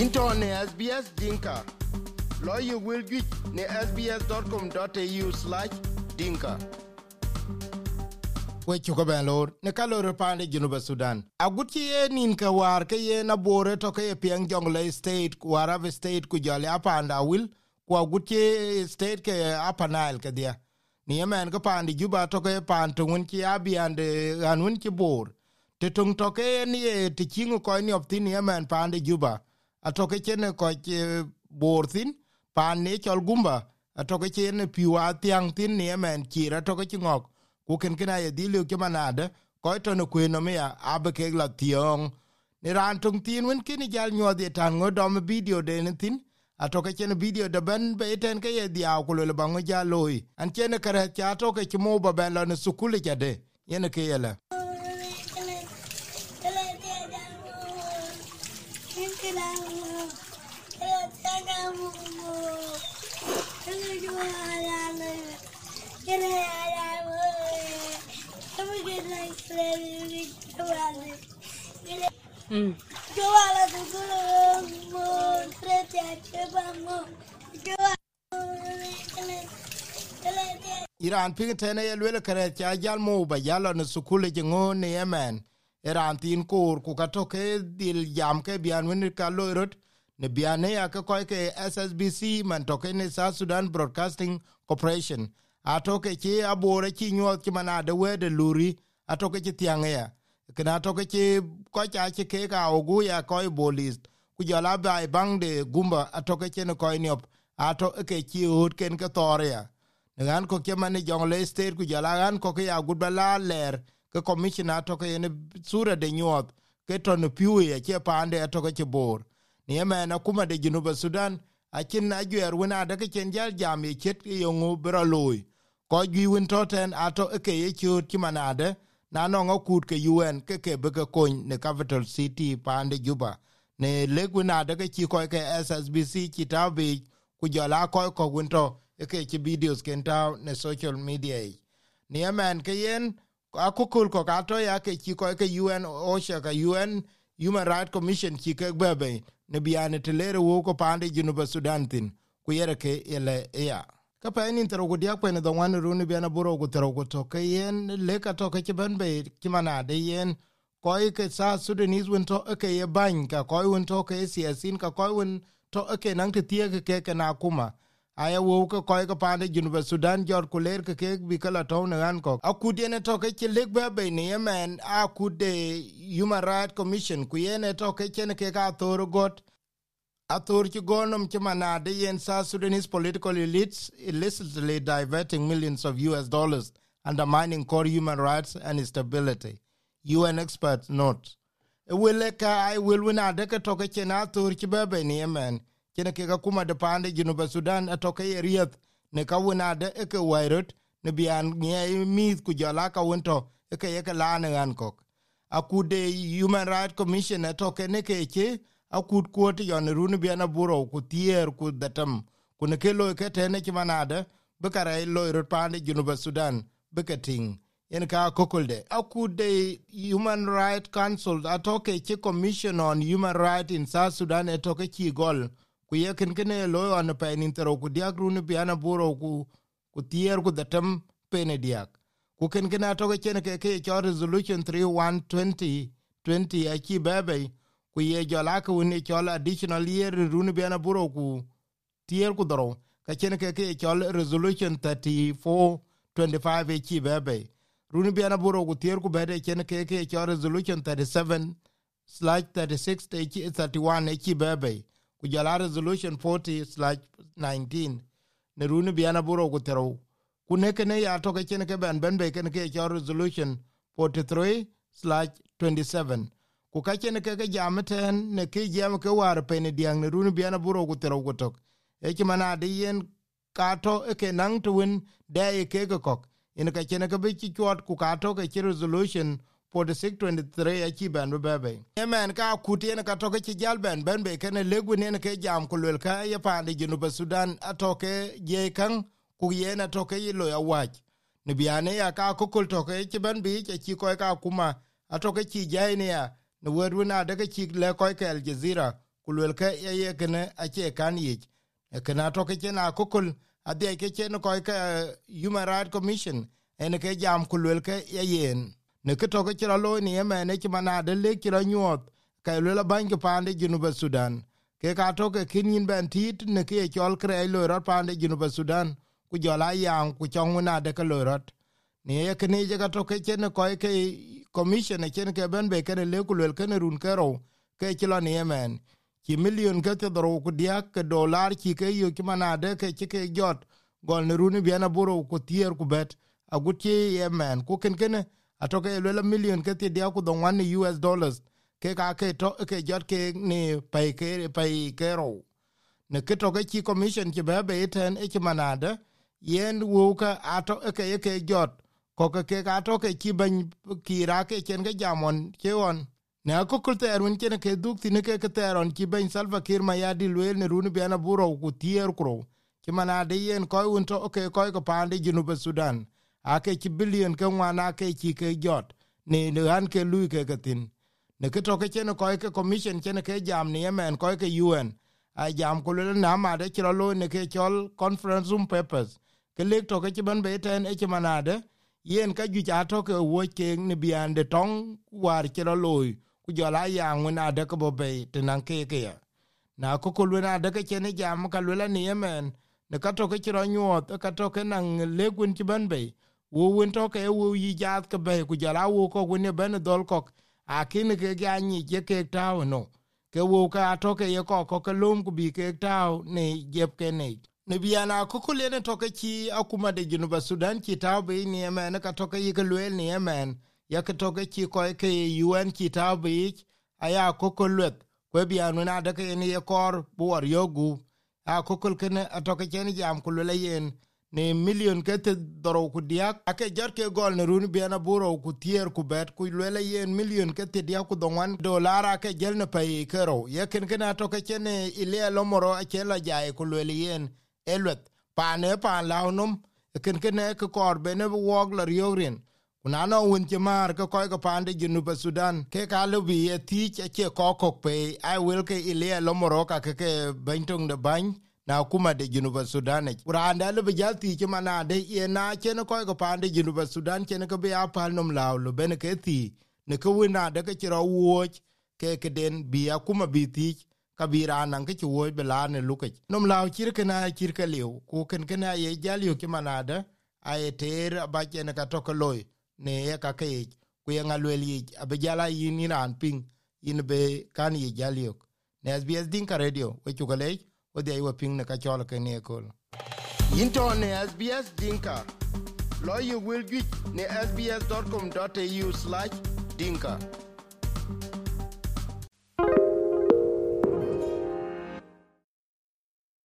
into ne SBS Dinka. Lawyer will get ne sbs.com.au slash dinka. we chuko ben lor ne kalor pande junuba sudan agut ki ye nin ka war ke ye na bore to ke pieng jongle state ku arabe state ku jale apanda wil ku agut ki state ke apanail ke dia ni yemen ko pande juba to ke pan to un ki abiand anun ki bor te tung to ke ni ye ti kingu ko ni opti ni yemen pande juba atoke chene ko e, bor thin pan ne chol gumba atoke chene piwa tiang thin ne men chira toke chingok ku ken kina ye dilu kemanade ko to no kweno me abe ke la tiong ni ran tung tin wen kini jal nyodhi tan ngo dom video de ne thin atoke chen video de ben be e ten ke ye dia ku le bango ja an chen kare cha toke chmo ba ben lo ne sukuli jade yene ke yela Iran pigi tene ya lwele kare cha jal mou ba jalo ni sukule jingo ni Yemen. eran tin kor ku ka to dil jam ke bian wen ka loirot ne biane ya ke ko ke SSBC man to ne South Sudan Broadcasting Corporation a toke ke ti abore ti nyo ti mana de we de luri a toke ke ti tiange ya ke na toke ke ko cha ti ke ka ogu ya ko i bolis ku ja la bai bang de gumba a toke ke ti ne ko i nyop a to e ke ti ut ken ke tore ya ne gan ko ke mane jong le ster ku ja la gan ko ke ya gudbala ler ke commissioner toke yene sura de nyoth ke tonu piwe ya che pande ya toke che bor. Ni yeme na kuma de jinuba Sudan akin na ajwe arwena adake chenjal jami chet ke yungu bira lui. Kwa jwi win toten ato eke ye chiot kimanade na anonga kut ke UN ke ke beke kony ne capital city pande juba. Ne legwe na adake chiko eke SSBC chitabi kujala koy ko winto eke chibidios kentaw ne social media ni amen ke yen akukul ko kato ya ke ci ko ke UN OSHA ka UN Human Rights Commission ci bebe ne biane telere wo ko pande junuba Sudan tin ku yere ke ele e ya ka pa ni tero ko dia ko ne dongwan ru ne biana buro ko tero ko to ke yen le ka to ke ci be ki mana de yen ko ke sa Sudanese won e to ke ye ban ka ko won to ke siesin ka ko won to ke nang te tie ke ke na kuma aya wo ko ko ko pande junube sudan jor kuler ke ke bi kala to ne an ko akude ne to ke ke le ba be ne yemen akude human rights commission ku ye ne to ke ken ke ka tor got athor ci gonom ci manade yen south sudanese political elites illicitly diverting millions of us dollars undermining core human rights and stability un experts note wele ka I will win adeke toke chen athor ci bebe ni yemen kene ke ga kuma de pande ba sudan atoke ye rieth ne ka wuna de e ke wairot ne bian nye mith ku jala ka wunto e ke ye ke lane an kok akude human right commission atoke ne ke che akut kuot yon runu bian aburo ku tier ku datam ku ne ke lo ke tene ki manade be kare lo rot pande ba sudan be ke ting en ka kokolde akude human right council atoke che commission on human right in south sudan atoke e chi gol ku ye ken kene lo an pe nin tero ku diak ru ni piana buro ku ku tier ku datam pe ne diak ku ken kene to ke chen ke ke cho resolution 3120 a ki bebe ku ye jola ku ni cho additional year ru ni piana buro ku tier ku doro ka chen ke ke cho resolution 34 25 a ki bebe runi biana buro ku tier ku bede chen ke ke cho resolution 37 slash 36 31 e ki bebe kujala resolution 40 slash 19 ne runu biana buro kutero kune kene ya toke chene ke ben ben be ke cho resolution 43 27 ku ka chene ke ke jameten ne ke jam ke war pe ne diang ne runu biana buro kutero kutok e ki mana de yen kato e ke nang tuwin de e ke ke kok ina ka chene ke bi chi chuot ku kato ke resolution 43 4623 aci bɛn bi bɛ bɛi emɛn ka akut yen ka tɔke ci jal bɛn bɛn be kene leguin yen ke jam ku luel ka ye paande junuba thudan atɔke jiei kaŋ ku yen atɔke ye loi awac ne biane ya ka kokol tɔke ci bɛn biic aci kɔc ka kuma atɔke ci jai ne ya ne wet wen adeke ci le kɔc ke aljazira ku luel ke ye ye kene acie kan yic ekene atɔke cien akokol adhiɛc ke cien kɔc ke human right commission en ke jam ku luel ke ye yen ne ke toke ci lo ni emene ci manade le ci nyuoth ka e lo la pande junuba sudan ke ka toke kin yin ben tit ne ke chol kre e lo rot pande junuba sudan ku jola yang ku chong na de ke lo rot ni ye ke ni je ka toke ci ko ke commission e ke ne ke ben be ke le ku le ke ne run ke ro ke ci ni emen ci million ke te dro ku dia ke dollar ci ke yo ki manade ke ke jot gol ne run bi na ku tier ku bet agut ye ku ken kene atoke lela million ke ti dia ku don one US dollars ke ka ke to ke jot ke ni pai ke pai ke ro ne ke to ke chi commission ti be be ten e ti manade yen wo ka ato e ke e ke jot ko ke ke ka to ke chi ban ki ra ke chen ke jamon ke on ne ko te ter ke ne ke duk ti ne ke ke te on ki ban salva kir ma ya di le ne run bi ana buro ku tier kro ti er manade yen ko un to ke ko ko pande ginu be sudan ake ci billion ke wan ake ci ke jot ni ne an ke lui ke ke ne ke to ke chen ko ke commission chen ke jam ni yemen ko ke un a jam ko le na ma de tro lo ne ke chol conference room papers ke le to ke ben be e ten e manade yen ka ju ja to ke wo ke ni bian de tong war tro lo ku jo la ya ngun a de ko be te nan ke ke na ko ko le na de ke chen jam ka le ni yemen ne ka to ke tro nyuot ka to ke nan le gun ti ben be wo wen to ke wo yi jat ke be ku jara wo ko wen be dol ko a kin ke ga ni je ke ta no ke wo ka to ke ye ko ko ke lum ku bi ke ta ne je ke ne ne bi ana ku ku le ne to ke ki akuma de junu ba sudan ki ta be ni me ne ka to ke yi ke ni me ya ke to ke ki ko ke un ki ta be aya ku ku le ku bi anu na de ke ni ye kor bu war yogu a ku ku ke ne to ke ni jam ku le yen ne million ke te doro ku diak ake jot ke gol ne run biana buro ku tier ku bet ku lele yen million ke te diak ku donwan dolara ke jel ne pay kero ye ken kana to ke chene ile lomoro ake la jae ku lele yen elwet pa ne pa launum ken kene ke kor bene wog la riorin kuna no un ke mar ko ko ko pande ginu ba sudan ke ka lu bi e ti ke ko ko pe i will ke ile lomoro ka ke bentong de bany na kuma de junuba sudan ne ura anda le bi jati ke mana de ye na ke ne ko ko pande junuba sudan ke ne ko be a pa nom law lo ben ke ti ne ko wi na de ke ro wo ke ke den bi a kuma bi ti ka bi ra rana ke ti wo be la ne lu ke nom law kir ke na kir ke lew ku ken ke na ye jali ke mana de a ye ter ba ke ne ka to ko loy ne ye ka ke ku ye nga lwel yi abe jala yin ran pin yin be kan ye jali ne SBS ka Radio ko we chukalei wodhi aiwa piŋ ne kacɔl ke e ne ekol yin tɔ ne sbs dinka lɔ ye wel juic ne sbs com au dinka